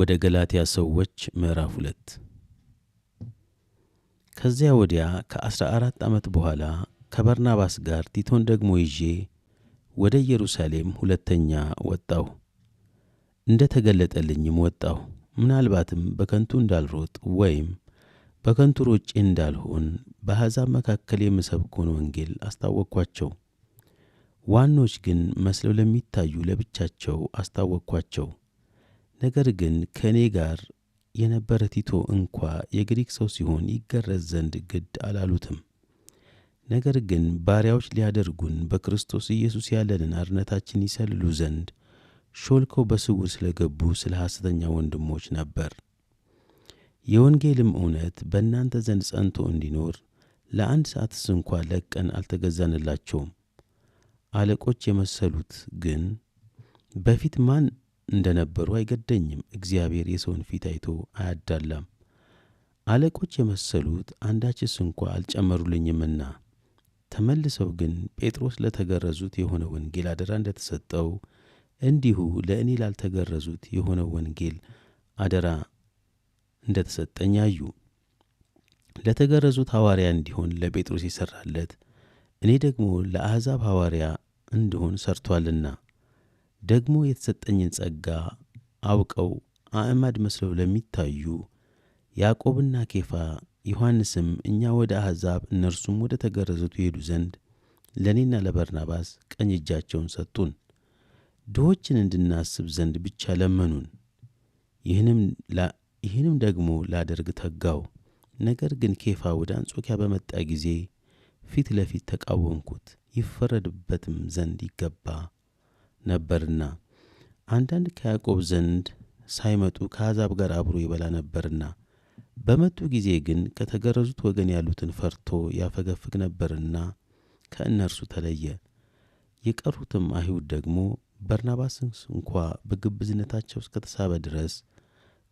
ወደ ገላትያ ሰዎች ምዕራፍ ሁለት ከዚያ ወዲያ ከአስራ አራት ዓመት በኋላ ከበርናባስ ጋር ቲቶን ደግሞ ይዤ ወደ ኢየሩሳሌም ሁለተኛ ወጣሁ። እንደ ተገለጠልኝም ወጣሁ። ምናልባትም በከንቱ እንዳልሮጥ ወይም በከንቱ ሮጬ እንዳልሆን በአሕዛብ መካከል የምሰብከውን ወንጌል አስታወቅኳቸው። ዋኖች ግን መስለው ለሚታዩ ለብቻቸው አስታወቅኳቸው። ነገር ግን ከእኔ ጋር የነበረ ቲቶ እንኳ የግሪክ ሰው ሲሆን ይገረዝ ዘንድ ግድ አላሉትም። ነገር ግን ባሪያዎች ሊያደርጉን በክርስቶስ ኢየሱስ ያለንን አርነታችን ይሰልሉ ዘንድ ሾልከው በስውር ስለገቡ ስለ ሐሰተኛ ወንድሞች ነበር። የወንጌልም እውነት በእናንተ ዘንድ ጸንቶ እንዲኖር ለአንድ ሰዓትስ እንኳ ለቀን አልተገዛንላቸውም። አለቆች የመሰሉት ግን በፊት ማን እንደነበሩ አይገደኝም። እግዚአብሔር የሰውን ፊት አይቶ አያዳላም። አለቆች የመሰሉት አንዳችስ እንኳ አልጨመሩልኝምና ተመልሰው ግን ጴጥሮስ ለተገረዙት የሆነ ወንጌል አደራ እንደተሰጠው እንዲሁ ለእኔ ላልተገረዙት የሆነ ወንጌል አደራ እንደተሰጠኝ አዩ። ለተገረዙት ሐዋርያ እንዲሆን ለጴጥሮስ ይሠራለት፣ እኔ ደግሞ ለአሕዛብ ሐዋርያ እንድሆን ሰርቷልና ደግሞ የተሰጠኝን ጸጋ አውቀው አእማድ መስለው ለሚታዩ ያዕቆብና ኬፋ ዮሐንስም እኛ ወደ አሕዛብ እነርሱም ወደ ተገረዙት ይሄዱ ዘንድ ለእኔና ለበርናባስ ቀኝ እጃቸውን ሰጡን። ድሆችን እንድናስብ ዘንድ ብቻ ለመኑን። ይህንም ደግሞ ላደርግ ተጋው። ነገር ግን ኬፋ ወደ አንጾኪያ በመጣ ጊዜ ፊት ለፊት ተቃወምኩት፣ ይፈረድበትም ዘንድ ይገባ ነበርና አንዳንድ ከያዕቆብ ዘንድ ሳይመጡ ከአሕዛብ ጋር አብሮ ይበላ ነበርና በመጡ ጊዜ ግን ከተገረዙት ወገን ያሉትን ፈርቶ ያፈገፍግ ነበርና ከእነርሱ ተለየ። የቀሩትም አይሁድ ደግሞ በርናባስን እንኳ በግብዝነታቸው እስከተሳበ ድረስ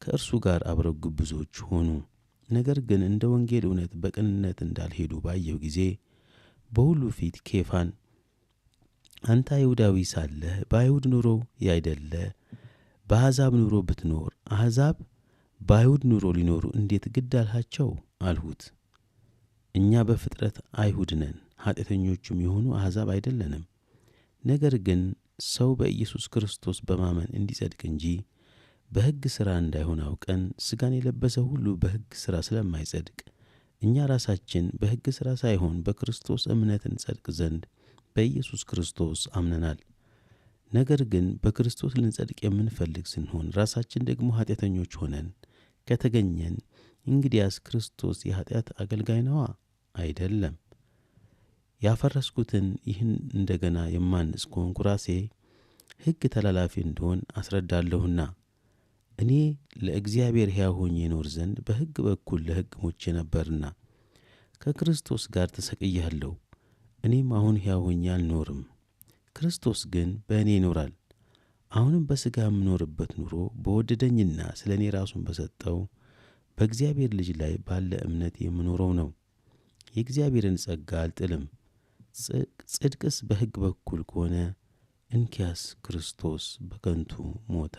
ከእርሱ ጋር አብረው ግብዞች ሆኑ። ነገር ግን እንደ ወንጌል እውነት በቅንነት እንዳልሄዱ ባየው ጊዜ በሁሉ ፊት ኬፋን አንተ አይሁዳዊ ሳለህ በአይሁድ ኑሮ ያይደለ በአሕዛብ ኑሮ ብትኖር አሕዛብ በአይሁድ ኑሮ ሊኖሩ እንዴት ግድ አልሃቸው አልሁት። እኛ በፍጥረት አይሁድ ነን፣ ኀጢአተኞቹም የሆኑ አሕዛብ አይደለንም። ነገር ግን ሰው በኢየሱስ ክርስቶስ በማመን እንዲጸድቅ እንጂ በሕግ ሥራ እንዳይሆን አውቀን ሥጋን የለበሰ ሁሉ በሕግ ሥራ ስለማይጸድቅ እኛ ራሳችን በሕግ ሥራ ሳይሆን በክርስቶስ እምነት እንጸድቅ ዘንድ በኢየሱስ ክርስቶስ አምነናል። ነገር ግን በክርስቶስ ልንጸድቅ የምንፈልግ ስንሆን ራሳችን ደግሞ ኃጢአተኞች ሆነን ከተገኘን እንግዲያስ ክርስቶስ የኃጢአት አገልጋይ ነዋ? አይደለም። ያፈረስኩትን ይህን እንደገና የማንጽ ከሆንኩ ራሴ ሕግ ተላላፊ እንደሆን አስረዳለሁና እኔ ለእግዚአብሔር ሕያው ሆኜ ይኖር ዘንድ በሕግ በኩል ለሕግ ሞቼ ነበርና ከክርስቶስ ጋር ተሰቅያለሁ። እኔም አሁን ሕያው ሆኜ አልኖርም፣ ክርስቶስ ግን በእኔ ይኖራል። አሁንም በሥጋ የምኖርበት ኑሮ በወደደኝና ስለ እኔ ራሱን በሰጠው በእግዚአብሔር ልጅ ላይ ባለ እምነት የምኖረው ነው። የእግዚአብሔርን ጸጋ አልጥልም። ጽድቅስ በሕግ በኩል ከሆነ እንኪያስ ክርስቶስ በከንቱ ሞተ።